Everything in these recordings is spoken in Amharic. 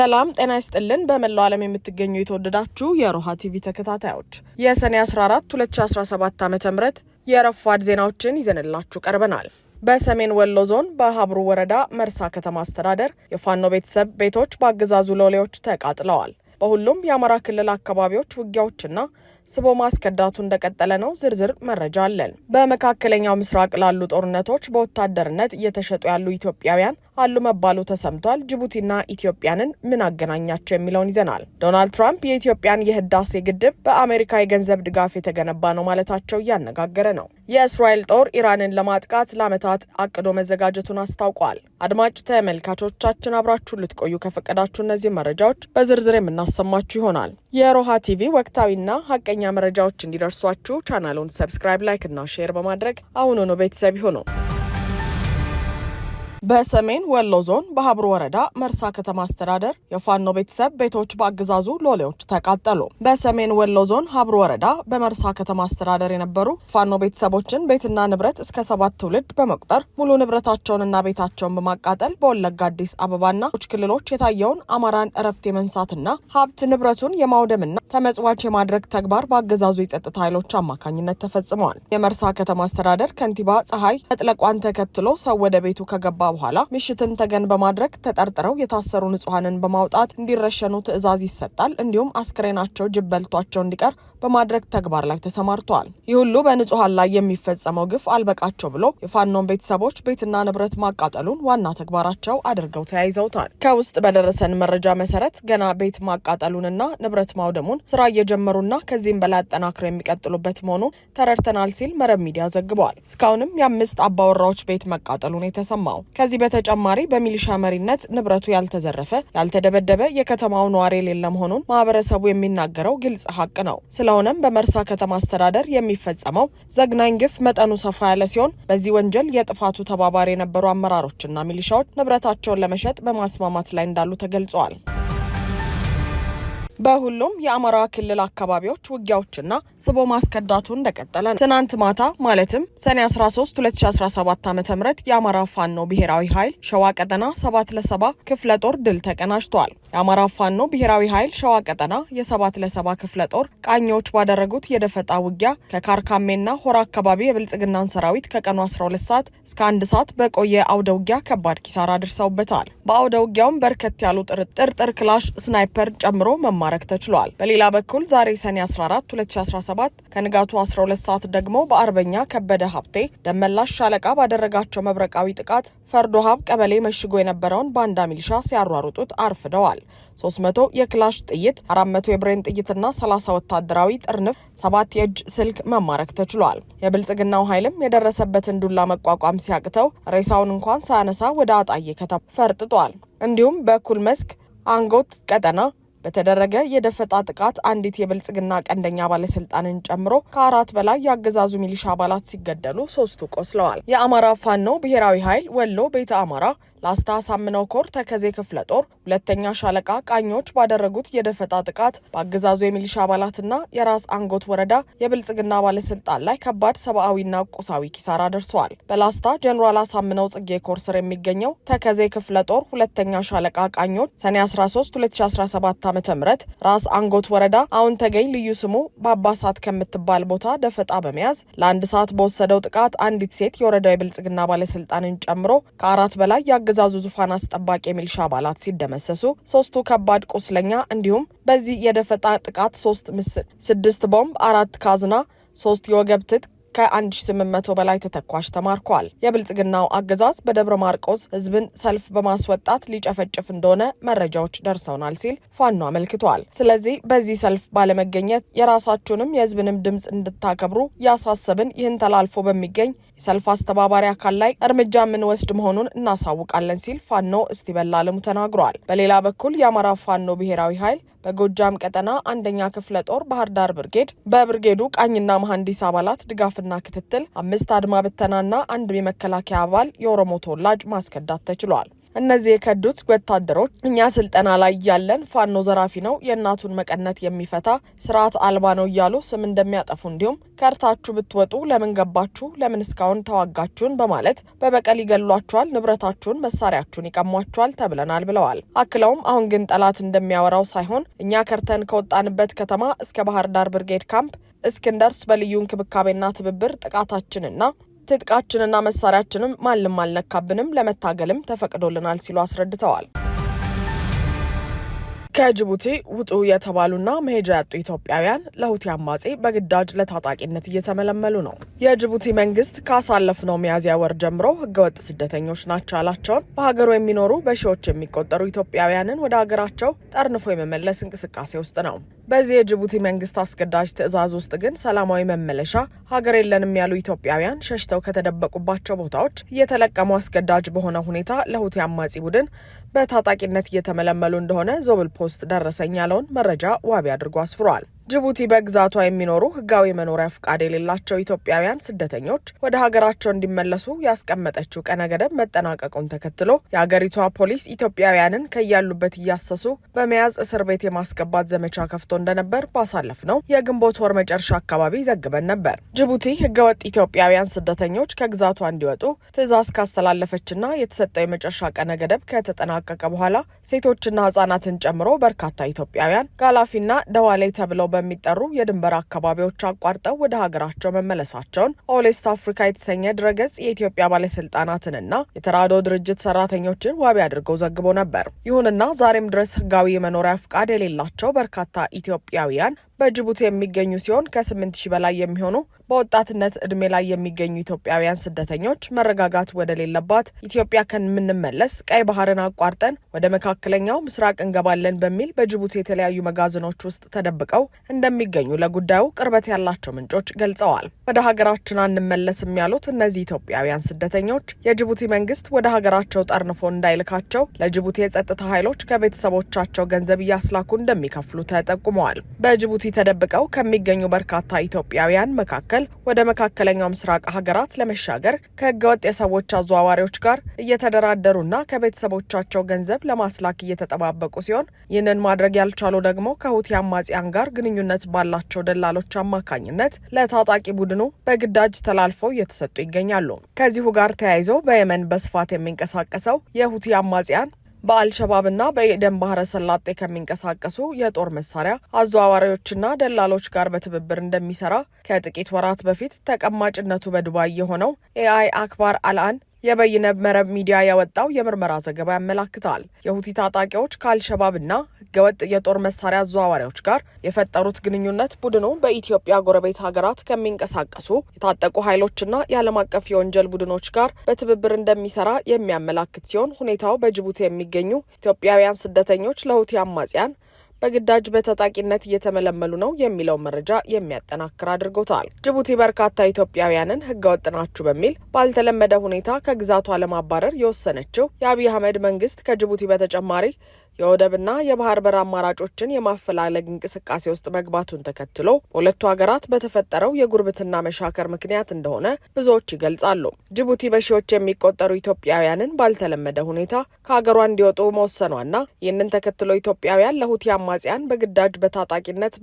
ሰላም ጤና ይስጥልን። በመላው ዓለም የምትገኙ የተወደዳችሁ የሮሃ ቲቪ ተከታታዮች የሰኔ 14 2017 ዓ ም የረፋድ ዜናዎችን ይዘንላችሁ ቀርበናል። በሰሜን ወሎ ዞን በሀብሩ ወረዳ መርሳ ከተማ አስተዳደር የፋኖ ቤተሰብ ቤቶች በአገዛዙ ሎሌዎች ተቃጥለዋል። በሁሉም የአማራ ክልል አካባቢዎች ውጊያዎችና ስቦ ማስከዳቱ እንደቀጠለ ነው። ዝርዝር መረጃ አለን። በመካከለኛው ምስራቅ ላሉ ጦርነቶች በወታደርነት እየተሸጡ ያሉ ኢትዮጵያውያን አሉ መባሉ ተሰምቷል። ጅቡቲና ኢትዮጵያንን ምን አገናኛቸው የሚለውን ይዘናል። ዶናልድ ትራምፕ የኢትዮጵያን የህዳሴ ግድብ በአሜሪካ የገንዘብ ድጋፍ የተገነባ ነው ማለታቸው እያነጋገረ ነው። የእስራኤል ጦር ኢራንን ለማጥቃት ለዓመታት አቅዶ መዘጋጀቱን አስታውቋል። አድማጭ ተመልካቾቻችን አብራችሁን ልትቆዩ ከፈቀዳችሁ እነዚህ መረጃዎች በዝርዝር የምናሰማችሁ ይሆናል። የሮሃ ቲቪ ወቅታዊና ሀቀ ሀቀኛ መረጃዎች እንዲደርሷችሁ ቻናሉን ሰብስክራይብ፣ ላይክ እና ሼር በማድረግ አሁን ሆኖ ቤተሰብ ይሁኑ። በሰሜን ወሎ ዞን በሀብሩ ወረዳ መርሳ ከተማ አስተዳደር የፋኖ ቤተሰብ ቤቶች በአገዛዙ ሎሌዎች ተቃጠሉ። በሰሜን ወሎ ዞን ሀብሩ ወረዳ በመርሳ ከተማ አስተዳደር የነበሩ ፋኖ ቤተሰቦችን ቤትና ንብረት እስከ ሰባት ትውልድ በመቁጠር ሙሉ ንብረታቸውንና ቤታቸውን በማቃጠል በወለጋ አዲስ አበባና ች ክልሎች የታየውን አማራን እረፍት የመንሳትና ሀብት ንብረቱን የማውደምና ተመጽዋች የማድረግ ተግባር በአገዛዙ የጸጥታ ኃይሎች አማካኝነት ተፈጽመዋል። የመርሳ ከተማ አስተዳደር ከንቲባ ፀሐይ መጥለቋን ተከትሎ ሰው ወደ ቤቱ ከገባ በኋላ ምሽትን ተገን በማድረግ ተጠርጥረው የታሰሩ ንጹሐንን በማውጣት እንዲረሸኑ ትዕዛዝ ይሰጣል። እንዲሁም አስክሬናቸው ጅብ በልቷቸው እንዲቀር በማድረግ ተግባር ላይ ተሰማርተዋል። ይህ ሁሉ በንጹሐን ላይ የሚፈጸመው ግፍ አልበቃቸው ብሎ የፋኖን ቤተሰቦች ቤትና ንብረት ማቃጠሉን ዋና ተግባራቸው አድርገው ተያይዘውታል። ከውስጥ በደረሰን መረጃ መሰረት ገና ቤት ማቃጠሉንና ንብረት ማውደሙን ስራ እየጀመሩና ከዚህም በላይ አጠናክረው የሚቀጥሉበት መሆኑ ተረድተናል ሲል መረብ ሚዲያ ዘግበዋል። እስካሁንም የአምስት አባወራዎች ቤት መቃጠሉን የተሰማው ከዚህ በተጨማሪ በሚሊሻ መሪነት ንብረቱ ያልተዘረፈ፣ ያልተደበደበ የከተማው ነዋሪ የሌለ መሆኑን ማህበረሰቡ የሚናገረው ግልጽ ሀቅ ነው። ስለሆነም በመርሳ ከተማ አስተዳደር የሚፈጸመው ዘግናኝ ግፍ መጠኑ ሰፋ ያለ ሲሆን በዚህ ወንጀል የጥፋቱ ተባባሪ የነበሩ አመራሮችና ሚሊሻዎች ንብረታቸውን ለመሸጥ በማስማማት ላይ እንዳሉ ተገልጿል። በሁሉም የአማራ ክልል አካባቢዎች ውጊያዎችና ስቦ ማስከዳቱ እንደቀጠለ ነው። ትናንት ማታ ማለትም ሰኔ 13 2017 ዓ ም የአማራ ፋኖ ብሔራዊ ኃይል ሸዋ ቀጠና 7 7 ክፍለ ጦር ድል ተቀናጅተዋል። የአማራ ፋኖ ብሔራዊ ኃይል ሸዋ ቀጠና የ7 ለሰባ ክፍለ ጦር ቃኞች ባደረጉት የደፈጣ ውጊያ ከካርካሜና ሆራ አካባቢ የብልጽግናን ሰራዊት ከቀኑ 12 ሰዓት እስከ አንድ ሰዓት በቆየ አውደ ውጊያ ከባድ ኪሳራ አድርሰውበታል። በአውደ ውጊያውም በርከት ያሉ ጥርጥር ክላሽ፣ ስናይፐር ጨምሮ መማር ማድረግ ተችሏል። በሌላ በኩል ዛሬ ሰኔ 14 2017 ከንጋቱ 12 ሰዓት ደግሞ በአርበኛ ከበደ ሀብቴ ደመላሽ ሻለቃ ባደረጋቸው መብረቃዊ ጥቃት ፈርዶ ሀብ ቀበሌ መሽጎ የነበረውን ባንዳ ሚሊሻ ሲያሯሩጡት አርፍደዋል። 300 የክላሽ ጥይት፣ 400 የብሬን ጥይትና 30 ወታደራዊ ጥርንፍ፣ ሰባት የእጅ ስልክ መማረክ ተችሏል። የብልጽግናው ኃይልም የደረሰበትን ዱላ መቋቋም ሲያቅተው ሬሳውን እንኳን ሳያነሳ ወደ አጣዬ ከተማ ፈርጥጧል። እንዲሁም በኩል መስክ አንጎት ቀጠና በተደረገ የደፈጣ ጥቃት አንዲት የብልጽግና ቀንደኛ ባለስልጣንን ጨምሮ ከአራት በላይ የአገዛዙ ሚሊሻ አባላት ሲገደሉ ሶስቱ ቆስለዋል። የአማራ ፋኖ ብሔራዊ ኃይል ወሎ ቤተ አማራ ላስታ አሳምነው ኮር ተከዜ ክፍለ ጦር ሁለተኛ ሻለቃ ቃኞች ባደረጉት የደፈጣ ጥቃት በአገዛዙ የሚሊሻ አባላትና የራስ አንጎት ወረዳ የብልጽግና ባለስልጣን ላይ ከባድ ሰብአዊና ቁሳዊ ኪሳራ ደርሰዋል። በላስታ ጀኔራል አሳምነው ጽጌ ኮር ስር የሚገኘው ተከዜ ክፍለ ጦር ሁለተኛ ሻለቃ ቃኞች ሰኔ 13 2017 ዓ ም ራስ አንጎት ወረዳ አሁን ተገኝ ልዩ ስሙ በአባሳት ከምትባል ቦታ ደፈጣ በመያዝ ለአንድ ሰዓት በወሰደው ጥቃት አንዲት ሴት የወረዳው የብልጽግና ባለስልጣንን ጨምሮ ከአራት በላይ ያገ የአገዛዙ ዙፋን አስጠባቂ የሚልሻ አባላት ሲደመሰሱ ሶስቱ ከባድ ቁስለኛ እንዲሁም በዚህ የደፈጣ ጥቃት ሶስት ምስል ስድስት ቦምብ አራት ካዝና ሶስት የወገብ ትጥቅ ከ1800 በላይ ተተኳሽ ተማርኳል። የብልጽግናው አገዛዝ በደብረ ማርቆስ ህዝብን ሰልፍ በማስወጣት ሊጨፈጭፍ እንደሆነ መረጃዎች ደርሰውናል ሲል ፋኖ አመልክቷል። ስለዚህ በዚህ ሰልፍ ባለመገኘት የራሳችሁንም የህዝብንም ድምፅ እንድታከብሩ ያሳሰብን ይህን ተላልፎ በሚገኝ የሰልፍ አስተባባሪ አካል ላይ እርምጃ የምንወስድ መሆኑን እናሳውቃለን ሲል ፋኖ እስቲበላ አለሙ ተናግሯል። በሌላ በኩል የአማራ ፋኖ ብሔራዊ ኃይል በጎጃም ቀጠና አንደኛ ክፍለ ጦር ባህር ዳር ብርጌድ በብርጌዱ ቃኝና መሐንዲስ አባላት ድጋፍና ክትትል አምስት አድማ ብተናና አንድ የመከላከያ አባል የኦሮሞ ተወላጅ ማስከዳት ተችሏል። እነዚህ የከዱት ወታደሮች እኛ ስልጠና ላይ ያለን ፋኖ ዘራፊ ነው፣ የእናቱን መቀነት የሚፈታ ስርዓት አልባ ነው እያሉ ስም እንደሚያጠፉ እንዲሁም ከርታችሁ ብትወጡ ለምን ገባችሁ፣ ለምን እስካሁን ተዋጋችሁን በማለት በበቀል ይገሏችኋል፣ ንብረታችሁን፣ መሳሪያችሁን ይቀሟችኋል ተብለናል ብለዋል። አክለውም አሁን ግን ጠላት እንደሚያወራው ሳይሆን እኛ ከርተን ከወጣንበት ከተማ እስከ ባህር ዳር ብርጌድ ካምፕ እስክንደርስ በልዩ እንክብካቤና ትብብር ጥቃታችንና ትጥቃችንና መሳሪያችንም ማንም አልነካብንም፣ ለመታገልም ተፈቅዶልናል ሲሉ አስረድተዋል። ከጅቡቲ ውጡ የተባሉና መሄጃ ያጡ ኢትዮጵያውያን ለሁቲ አማጺ በግዳጅ ለታጣቂነት እየተመለመሉ ነው። የጅቡቲ መንግስት ካሳለፍነው ሚያዝያ ወር ጀምሮ ህገወጥ ስደተኞች ናቸው ያላቸውን በሀገሩ የሚኖሩ በሺዎች የሚቆጠሩ ኢትዮጵያውያንን ወደ ሀገራቸው ጠርንፎ የመመለስ እንቅስቃሴ ውስጥ ነው። በዚህ የጅቡቲ መንግስት አስገዳጅ ትዕዛዝ ውስጥ ግን ሰላማዊ መመለሻ ሀገር የለንም ያሉ ኢትዮጵያውያን ሸሽተው ከተደበቁባቸው ቦታዎች እየተለቀሙ አስገዳጅ በሆነ ሁኔታ ለሁቲ አማጺ ቡድን በታጣቂነት እየተመለመሉ እንደሆነ ዞብል ፖስት ደረሰኝ ያለውን መረጃ ዋቢ አድርጎ አስፍሯል። ጅቡቲ በግዛቷ የሚኖሩ ህጋዊ መኖሪያ ፍቃድ የሌላቸው ኢትዮጵያውያን ስደተኞች ወደ ሀገራቸው እንዲመለሱ ያስቀመጠችው ቀነ ገደብ መጠናቀቁን ተከትሎ የሀገሪቷ ፖሊስ ኢትዮጵያውያንን ከያሉበት እያሰሱ በመያዝ እስር ቤት የማስገባት ዘመቻ ከፍቶ እንደነበር ባሳለፍ ነው የግንቦት ወር መጨረሻ አካባቢ ዘግበን ነበር። ጅቡቲ ህገወጥ ኢትዮጵያውያን ስደተኞች ከግዛቷ እንዲወጡ ትዕዛዝ ካስተላለፈችና የተሰጠው የመጨረሻ ቀነ ገደብ ከተጠናቀቀ በኋላ ሴቶችና ህጻናትን ጨምሮ በርካታ ኢትዮጵያውያን ጋላፊና ደዋሌ ተብለው በሚጠሩ የድንበር አካባቢዎች አቋርጠው ወደ ሀገራቸው መመለሳቸውን ኦሌስት አፍሪካ የተሰኘ ድረገጽ የኢትዮጵያ ባለስልጣናትንና የተራድኦ ድርጅት ሰራተኞችን ዋቢ አድርገው ዘግቦ ነበር። ይሁንና ዛሬም ድረስ ህጋዊ የመኖሪያ ፍቃድ የሌላቸው በርካታ ኢትዮጵያውያን በጅቡቲ የሚገኙ ሲሆን ከስምንት ሺ በላይ የሚሆኑ በወጣትነት እድሜ ላይ የሚገኙ ኢትዮጵያውያን ስደተኞች መረጋጋት ወደሌለባት ኢትዮጵያ ከምንመለስ ቀይ ባህርን አቋርጠን ወደ መካከለኛው ምስራቅ እንገባለን በሚል በጅቡቲ የተለያዩ መጋዘኖች ውስጥ ተደብቀው እንደሚገኙ ለጉዳዩ ቅርበት ያላቸው ምንጮች ገልጸዋል። ወደ ሀገራችን አንመለስም ያሉት እነዚህ ኢትዮጵያውያን ስደተኞች የጅቡቲ መንግስት ወደ ሀገራቸው ጠርንፎ እንዳይልካቸው ለጅቡቲ የጸጥታ ኃይሎች ከቤተሰቦቻቸው ገንዘብ እያስላኩ እንደሚከፍሉ ተጠቁመዋል። በጅቡቲ ተደብቀው ከሚገኙ በርካታ ኢትዮጵያውያን መካከል ወደ መካከለኛው ምስራቅ ሀገራት ለመሻገር ከህገወጥ የሰዎች አዘዋዋሪዎች ጋር እየተደራደሩና ከቤተሰቦቻቸው ገንዘብ ለማስላክ እየተጠባበቁ ሲሆን ይህንን ማድረግ ያልቻሉ ደግሞ ከሁቲ አማጽያን ጋር ግንኙነት ባላቸው ደላሎች አማካኝነት ለታጣቂ ቡድኑ በግዳጅ ተላልፈው እየተሰጡ ይገኛሉ። ከዚሁ ጋር ተያይዞ በየመን በስፋት የሚንቀሳቀሰው የሁቲ አማጽያን በአልሸባብና በኤደን ባህረ ሰላጤ ከሚንቀሳቀሱ የጦር መሳሪያ አዘዋዋሪዎችና ደላሎች ጋር በትብብር እንደሚሰራ ከጥቂት ወራት በፊት ተቀማጭነቱ በዱባይ የሆነው ኤአይ አክባር አልአን የበይነ መረብ ሚዲያ ያወጣው የምርመራ ዘገባ ያመላክታል። የሁቲ ታጣቂዎች ከአልሸባብና ህገወጥ የጦር መሳሪያ አዘዋዋሪዎች ጋር የፈጠሩት ግንኙነት ቡድኑ በኢትዮጵያ ጎረቤት ሀገራት ከሚንቀሳቀሱ የታጠቁ ኃይሎችና የዓለም አቀፍ የወንጀል ቡድኖች ጋር በትብብር እንደሚሰራ የሚያመላክት ሲሆን ሁኔታው በጅቡቲ የሚገኙ ኢትዮጵያውያን ስደተኞች ለሁቲ አማጽያን በግዳጅ በታጣቂነት እየተመለመሉ ነው የሚለውን መረጃ የሚያጠናክር አድርጎታል። ጅቡቲ በርካታ ኢትዮጵያውያንን ህገወጥ ናችሁ በሚል ባልተለመደ ሁኔታ ከግዛቷ ለማባረር የወሰነችው የአብይ አህመድ መንግስት ከጅቡቲ በተጨማሪ የወደብና የባህር በር አማራጮችን የማፈላለግ እንቅስቃሴ ውስጥ መግባቱን ተከትሎ በሁለቱ ሀገራት በተፈጠረው የጉርብትና መሻከር ምክንያት እንደሆነ ብዙዎች ይገልጻሉ። ጅቡቲ በሺዎች የሚቆጠሩ ኢትዮጵያውያንን ባልተለመደ ሁኔታ ከሀገሯ እንዲወጡ መወሰኗና ይህንን ተከትሎ ኢትዮጵያውያን ለሁቲ አማጽያን በግዳጅ በታጣቂነት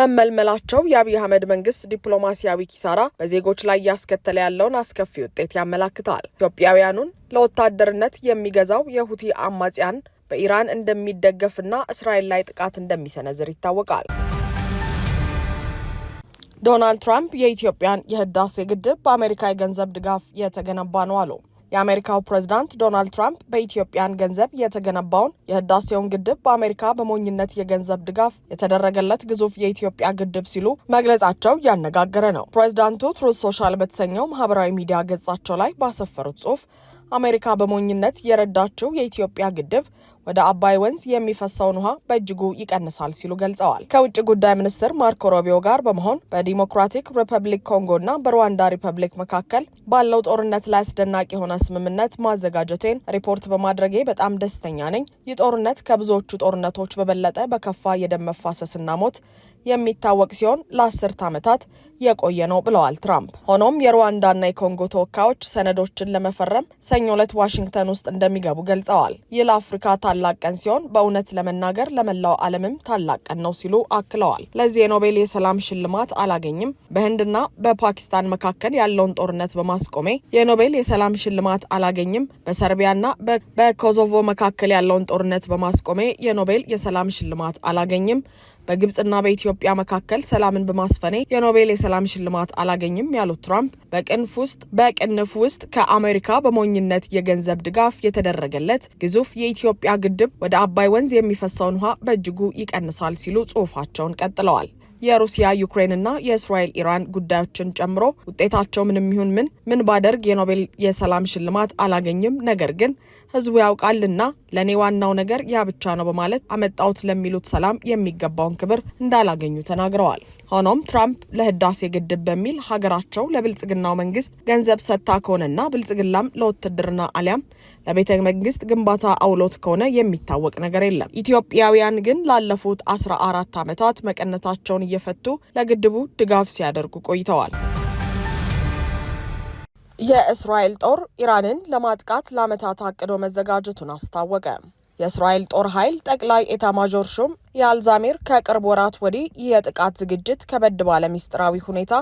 መመልመላቸው የአብይ አህመድ መንግስት ዲፕሎማሲያዊ ኪሳራ በዜጎች ላይ እያስከተለ ያለውን አስከፊ ውጤት ያመላክታል። ኢትዮጵያውያኑን ለወታደርነት የሚገዛው የሁቲ አማጽያን በኢራን እንደሚደገፍና እስራኤል ላይ ጥቃት እንደሚሰነዝር ይታወቃል። ዶናልድ ትራምፕ የኢትዮጵያን የህዳሴ ግድብ በአሜሪካ የገንዘብ ድጋፍ የተገነባ ነው አሉ። የአሜሪካው ፕሬዝዳንት ዶናልድ ትራምፕ በኢትዮጵያን ገንዘብ የተገነባውን የህዳሴውን ግድብ በአሜሪካ በሞኝነት የገንዘብ ድጋፍ የተደረገለት ግዙፍ የኢትዮጵያ ግድብ ሲሉ መግለጻቸው እያነጋገረ ነው። ፕሬዝዳንቱ ትሩዝ ሶሻል በተሰኘው ማህበራዊ ሚዲያ ገጻቸው ላይ ባሰፈሩት ጽሁፍ አሜሪካ በሞኝነት የረዳችው የኢትዮጵያ ግድብ ወደ አባይ ወንዝ የሚፈሰውን ውሃ በእጅጉ ይቀንሳል ሲሉ ገልጸዋል። ከውጭ ጉዳይ ሚኒስትር ማርኮ ሮቢዮ ጋር በመሆን በዲሞክራቲክ ሪፐብሊክ ኮንጎ እና በሩዋንዳ ሪፐብሊክ መካከል ባለው ጦርነት ላይ አስደናቂ የሆነ ስምምነት ማዘጋጀቴን ሪፖርት በማድረጌ በጣም ደስተኛ ነኝ። ይህ ጦርነት ከብዙዎቹ ጦርነቶች በበለጠ በከፋ የደም መፋሰስና ሞት የሚታወቅ ሲሆን ለአስርት ዓመታት የቆየ ነው ብለዋል ትራምፕ። ሆኖም የሩዋንዳና የኮንጎ ተወካዮች ሰነዶችን ለመፈረም ሰኞ ዕለት ዋሽንግተን ውስጥ እንደሚገቡ ገልጸዋል። ይህ ለአፍሪካ ታላቅ ቀን ሲሆን በእውነት ለመናገር ለመላው ዓለምም ታላቅ ቀን ነው ሲሉ አክለዋል። ለዚህ የኖቤል የሰላም ሽልማት አላገኝም፣ በህንድና በፓኪስታን መካከል ያለውን ጦርነት በማስቆሜ የኖቤል የሰላም ሽልማት አላገኝም፣ በሰርቢያና በኮሶቮ መካከል ያለውን ጦርነት በማስቆሜ የኖቤል የሰላም ሽልማት አላገኝም፣ በግብጽና በኢትዮጵያ መካከል ሰላምን በማስፈኔ የኖቤል የሰላም ሽልማት አላገኝም ያሉት ትራምፕ በቅንፍ ውስጥ በቅንፍ ውስጥ ከአሜሪካ በሞኝነት የገንዘብ ድጋፍ የተደረገለት ግዙፍ የኢትዮጵያ ግድብ ወደ አባይ ወንዝ የሚፈሰውን ውሃ በእጅጉ ይቀንሳል ሲሉ ጽሑፋቸውን ቀጥለዋል። የሩሲያ ዩክሬንና የእስራኤል ኢራን ጉዳዮችን ጨምሮ ውጤታቸው ምንም ይሁን ምን ምን ባደርግ የኖቤል የሰላም ሽልማት አላገኝም፣ ነገር ግን ህዝቡ ያውቃልና ለእኔ ዋናው ነገር ያ ብቻ ነው በማለት አመጣውት ለሚሉት ሰላም የሚገባውን ክብር እንዳላገኙ ተናግረዋል። ሆኖም ትራምፕ ለህዳሴ ግድብ በሚል ሀገራቸው ለብልጽግናው መንግስት ገንዘብ ሰጥታ ከሆነና ብልጽግናም ለውትድርና አሊያም ለቤተ መንግስት ግንባታ አውሎት ከሆነ የሚታወቅ ነገር የለም። ኢትዮጵያውያን ግን ላለፉት አስራ አራት ዓመታት መቀነታቸውን እየፈቱ ለግድቡ ድጋፍ ሲያደርጉ ቆይተዋል። የእስራኤል ጦር ኢራንን ለማጥቃት ለአመታት አቅዶ መዘጋጀቱን አስታወቀ። የእስራኤል ጦር ኃይል ጠቅላይ ኤታማዦር ሹም የአልዛሜር ከቅርብ ወራት ወዲህ ይህ የጥቃት ዝግጅት ከበድ ባለ ሚስጥራዊ ሁኔታ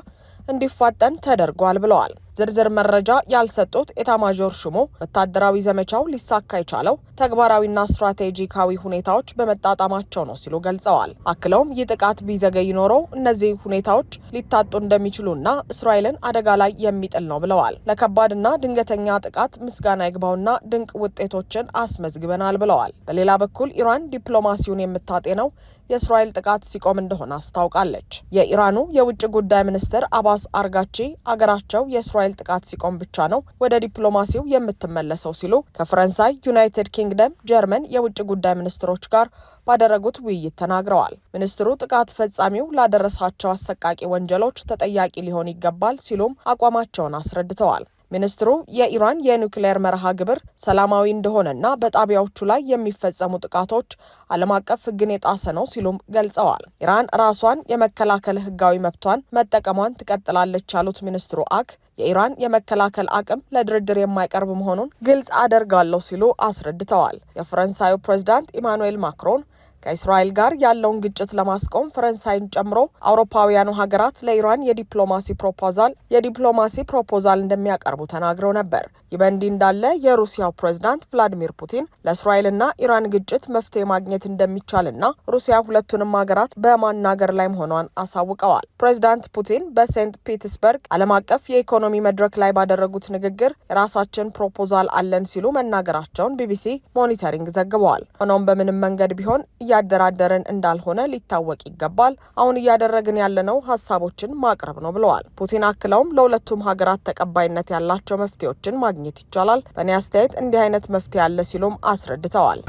እንዲፋጠን ተደርጓል ብለዋል። ዝርዝር መረጃ ያልሰጡት ኤታማዦር ሹሙ ወታደራዊ ዘመቻው ሊሳካ የቻለው ተግባራዊና ስትራቴጂካዊ ሁኔታዎች በመጣጣማቸው ነው ሲሉ ገልጸዋል። አክለውም ይህ ጥቃት ቢዘገይ ኖሮ እነዚህ ሁኔታዎች ሊታጡ እንደሚችሉና እስራኤልን አደጋ ላይ የሚጥል ነው ብለዋል። ለከባድና ድንገተኛ ጥቃት ምስጋና ይግባውና ድንቅ ውጤቶችን አስመዝግበናል ብለዋል። በሌላ በኩል ኢራን ዲፕሎማሲውን የምታጤ ነው። የእስራኤል ጥቃት ሲቆም እንደሆነ አስታውቃለች። የኢራኑ የውጭ ጉዳይ ሚኒስትር አባስ አርጋቺ አገራቸው የእስራኤል ጥቃት ሲቆም ብቻ ነው ወደ ዲፕሎማሲው የምትመለሰው ሲሉ ከፈረንሳይ፣ ዩናይትድ ኪንግደም፣ ጀርመን የውጭ ጉዳይ ሚኒስትሮች ጋር ባደረጉት ውይይት ተናግረዋል። ሚኒስትሩ ጥቃት ፈጻሚው ላደረሳቸው አሰቃቂ ወንጀሎች ተጠያቂ ሊሆን ይገባል ሲሉም አቋማቸውን አስረድተዋል። ሚኒስትሩ የኢራን የኒውክሌር መርሃ ግብር ሰላማዊ እንደሆነና በጣቢያዎቹ ላይ የሚፈጸሙ ጥቃቶች ዓለም አቀፍ ሕግን የጣሰ ነው ሲሉም ገልጸዋል። ኢራን ራሷን የመከላከል ሕጋዊ መብቷን መጠቀሟን ትቀጥላለች ያሉት ሚኒስትሩ አክ የኢራን የመከላከል አቅም ለድርድር የማይቀርብ መሆኑን ግልጽ አደርጋለሁ ሲሉ አስረድተዋል። የፈረንሳዩ ፕሬዚዳንት ኢማኑኤል ማክሮን ከእስራኤል ጋር ያለውን ግጭት ለማስቆም ፈረንሳይን ጨምሮ አውሮፓውያኑ ሀገራት ለኢራን የዲፕሎማሲ ፕሮፖዛል የዲፕሎማሲ ፕሮፖዛል እንደሚያቀርቡ ተናግረው ነበር። ይህ በእንዲህ እንዳለ የሩሲያው ፕሬዝዳንት ቭላዲሚር ፑቲን ለእስራኤልና ኢራን ግጭት መፍትሄ ማግኘት እንደሚቻልና ሩሲያ ሁለቱንም ሀገራት በማናገር ላይ መሆኗን አሳውቀዋል። ፕሬዝዳንት ፑቲን በሴንት ፒተርስበርግ ዓለም አቀፍ የኢኮኖሚ መድረክ ላይ ባደረጉት ንግግር የራሳችን ፕሮፖዛል አለን ሲሉ መናገራቸውን ቢቢሲ ሞኒተሪንግ ዘግበዋል። ሆኖም በምንም መንገድ ቢሆን እያደራደረን እንዳልሆነ ሊታወቅ ይገባል። አሁን እያደረግን ያለነው ሀሳቦችን ማቅረብ ነው ብለዋል። ፑቲን አክለውም ለሁለቱም ሀገራት ተቀባይነት ያላቸው መፍትሄዎችን ማግኘት ይቻላል። በእኔ አስተያየት እንዲህ አይነት መፍትሄ አለ ሲሉም አስረድተዋል።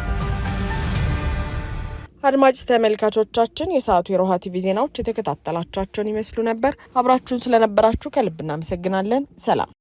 አድማጭ ተመልካቾቻችን የሰዓቱ የሮሃ ቲቪ ዜናዎች የተከታተላችኋቸውን ይመስሉ ነበር። አብራችሁን ስለነበራችሁ ከልብ እናመሰግናለን። ሰላም